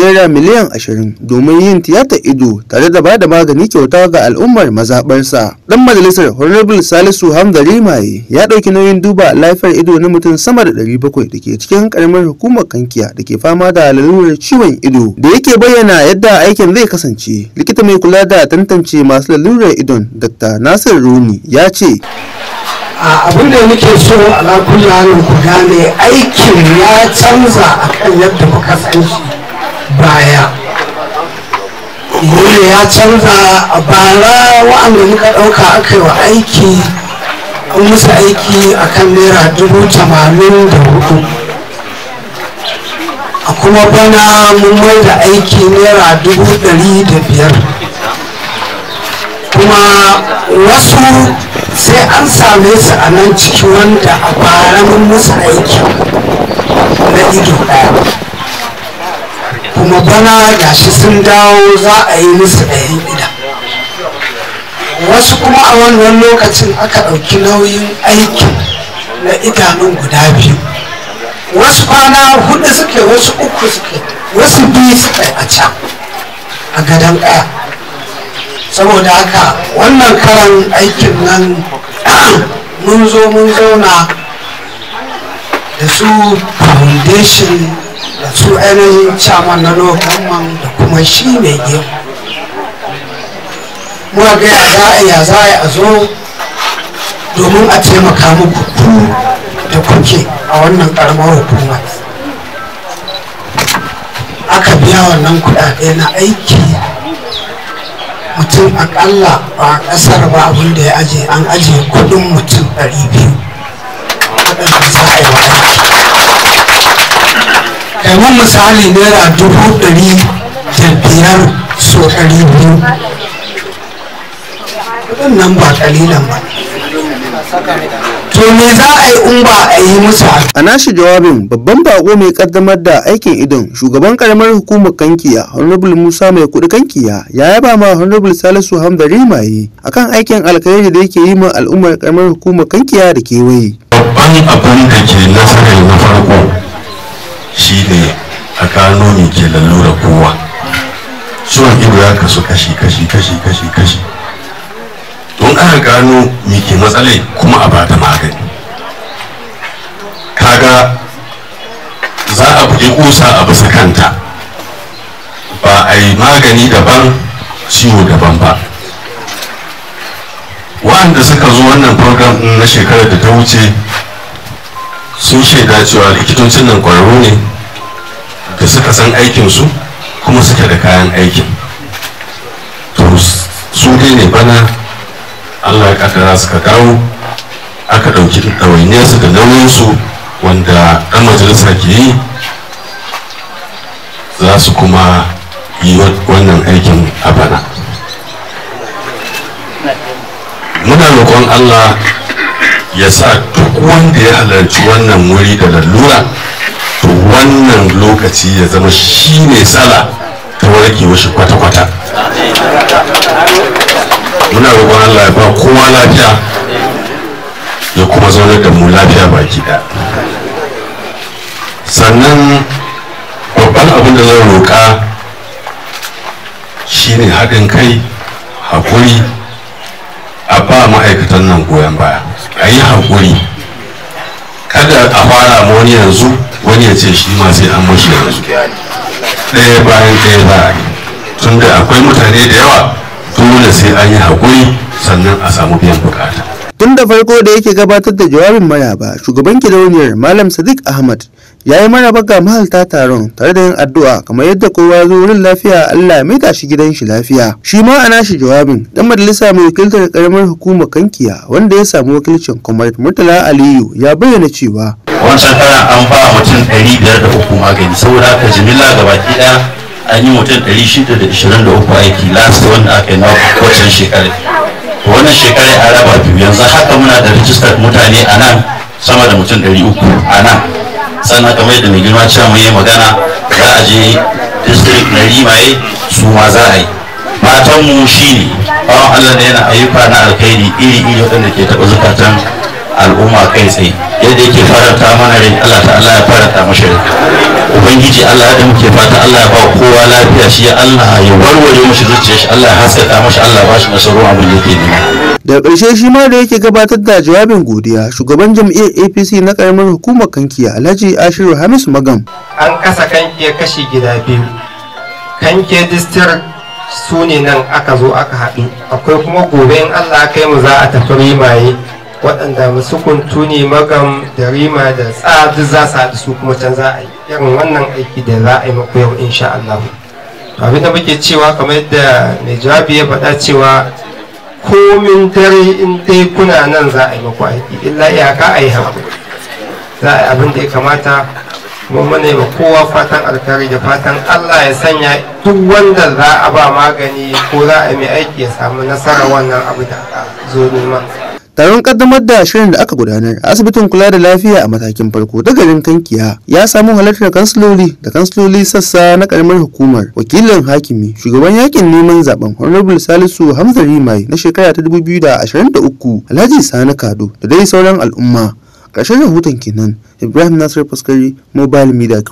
naira miliyan 20 domin yin tiyata ido tare da ba da magani kyauta ga al'ummar mazaɓarsa. Dan majalisar Honorable Salisu Hamdari Maye ya ɗauki nauyin duba lafiyar ido na mutum sama da 700 da ke cikin karamar hukumar kankiya da ke fama da lalurar ciwon ido da yake bayyana yadda aikin zai kasance. Likita mai kula da tantance masu lalurar idon Dr. Nasir Rumi ya ce. abin da muke so a lakunan ku gane aikin ya canza akan yadda kuka san shi baya dole ya canza a bara wa'anda muka ɗauka aka yi wa aiki an musu aiki a kan naira dubu tamanin da hudu a kuma bana mun mai da aiki naira dubu ɗari da biyar kuma wasu sai an same su a nan ciki wanda a bara mun musu aiki na ido ɗaya bana gashi sun dawo za a yi musu ɗayan gida wasu kuma a wannan lokacin aka ɗauki nauyin aiki na idanun guda biyu wasu kwana hudu suke wasu uku suke wasu biyu suka a can a gadon ƙaya saboda haka wannan karan aikin nan mun zo mun zauna da su foundation su ainihin caman na lokacin da kuma shi mai gemu muna ga ya za a zo domin a taimaka muku ku da kuke a wannan karamar hukuma aka biya wannan kudade na aiki mutum akalla ba kasar ba abin da ya aje an aje kudin mutum 200 waɗanda za a yi wa aiki yanzu misali naira dubu ɗari da biyar so ɗari biyu kudin nan ba ƙalilan ba to me za a yi a yi musu a nashi jawabin babban bako mai kaddamar da aikin idon shugaban karamar hukumar kankiya honorable musa mai kuɗi kankiya ya yaba ma honorable salisu hamda rimaye akan aikin alkhairi da yake yi ma al'ummar karamar hukumar kankiya da kewaye babban abin da ke nasarar na farko Shi ne a kano ne ke lalura kowa ciwon ido ya kasu kashi kashi kashi kashi kashi don aka gano me ke matsalai kuma a bata magani kaga za a buɗe ƙusa a bisa kanta ba a yi magani daban ciwo daban ba wa'anda suka zo wannan program na shekarar da ta wuce sun shaida cewa likitocin nan kwararru ne da suka san aikin su kuma suke da kayan aikin to su dai ne bana allah ya su suka kawo aka ɗauki ɗawainiyarsu da nauyinsu wanda ɗan majalisa ke yi za su kuma yi wannan aikin a bana muna roƙon allah ya sa duk wanda ya halarci wannan wuri da lalura to wannan lokaci ya zama shi ne tsala ta warke shi kwata-kwata muna roƙon allah ya ba kowa lafiya ya kuma zaunar da mu lafiya baki ɗaya sannan babban abin da zan roƙa shine haɗin kai haƙuri a ba ma'aikatan nan goyon baya a yi haƙuri kada a fara ma wani yanzu wani ya ce shi ma sai an mashi yanzu ɗaya bayan ɗaya ba a yi tun akwai mutane da yawa dole sai an yi haƙuri sannan a samu biyan buƙata. tun da farko da yake gabatar da jawabin maraba shugaban gidauniyar malam sadiq ahmad ya yi maraba ga mahalta taron tare da yin addu'a kamar yadda kowa zo wurin lafiya allah ya maida shi gidan shi lafiya shi ma a nashi jawabin dan majalisa mai wakiltar karamar hukumar kankiya wanda ya samu wakilcin comrade murtala aliyu ya bayyana cewa wancan shekara an ba mutum ɗari biyar da uku magani saboda haka jimilla gabaki ɗaya an yi mutum ɗari shida da ishirin da uku aiki last wanda aka yi na waccan shekarar wannan shekarar an raba biyu yanzu haka muna da rijistar mutane a nan sama da mutum ɗari uku a nan sannan kamar yadda mai girma cewa mun yi magana za a je district na rimaye su ma za a yi matanmu shi ne bawan allah ne yana ayyuka na alkhairi iri iri waɗanda ke taɓa zukatan al'umma kai tsaye yadda yake faranta mana rai Allah ta'ala ya faranta mashi rai ubangiji Allah da muke fata Allah ya ba kowa lafiya shi Allah ya warware mashi zuciya shi Allah ya haskaka mashi Allah ba shi nasaru abin da yake nema Da ƙarshe shi ma da yake gabatar da jawabin godiya shugaban jam'iyyar APC na karamar hukumar kankiya Alhaji Ashiru Hamis Magam an kasa kankiya kashi gida biyu kankiya distir su ne nan aka zo aka haɗu akwai kuma gobe in Allah kai mu za a tafi rimaye waɗanda kuntu ne magam da rima da tsadu za su haɗu su kuma can za a yi irin wannan aiki da za a yi maku yau insha Allah abin da muke cewa kamar yadda mai jawabi ya faɗa cewa komin dare in dai kuna nan za a yi maku aiki illa iyaka a yi haku za a yi abin da ya kamata kuma mana yi kowa fatan alkhairi da fatan Allah ya sanya duk wanda za a ba magani ko za a yi mai aiki ya samu nasarar wannan abu da zo neman Taron kaddamar da shirin da aka gudanar a asibitin kula da lafiya a matakin farko da garin Kankiya ya samu halartar kansiloli da kansiloli sassa na karamar hukumar wakilin hakimi shugaban yakin neman zaben Honorable Salisu Hamza Rimai na shekara ta 2023 Alhaji Sani Kado da dai sauran al'umma. Ƙarshen rahoton kenan Ibrahim Nasir Faskari Mobile Media